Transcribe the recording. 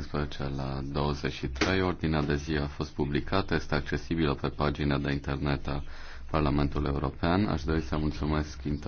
15 la 23. Ordinea de zi a fost publicată, este accesibilă pe pagina de internet a Parlamentului European. Aș dori să mulțumesc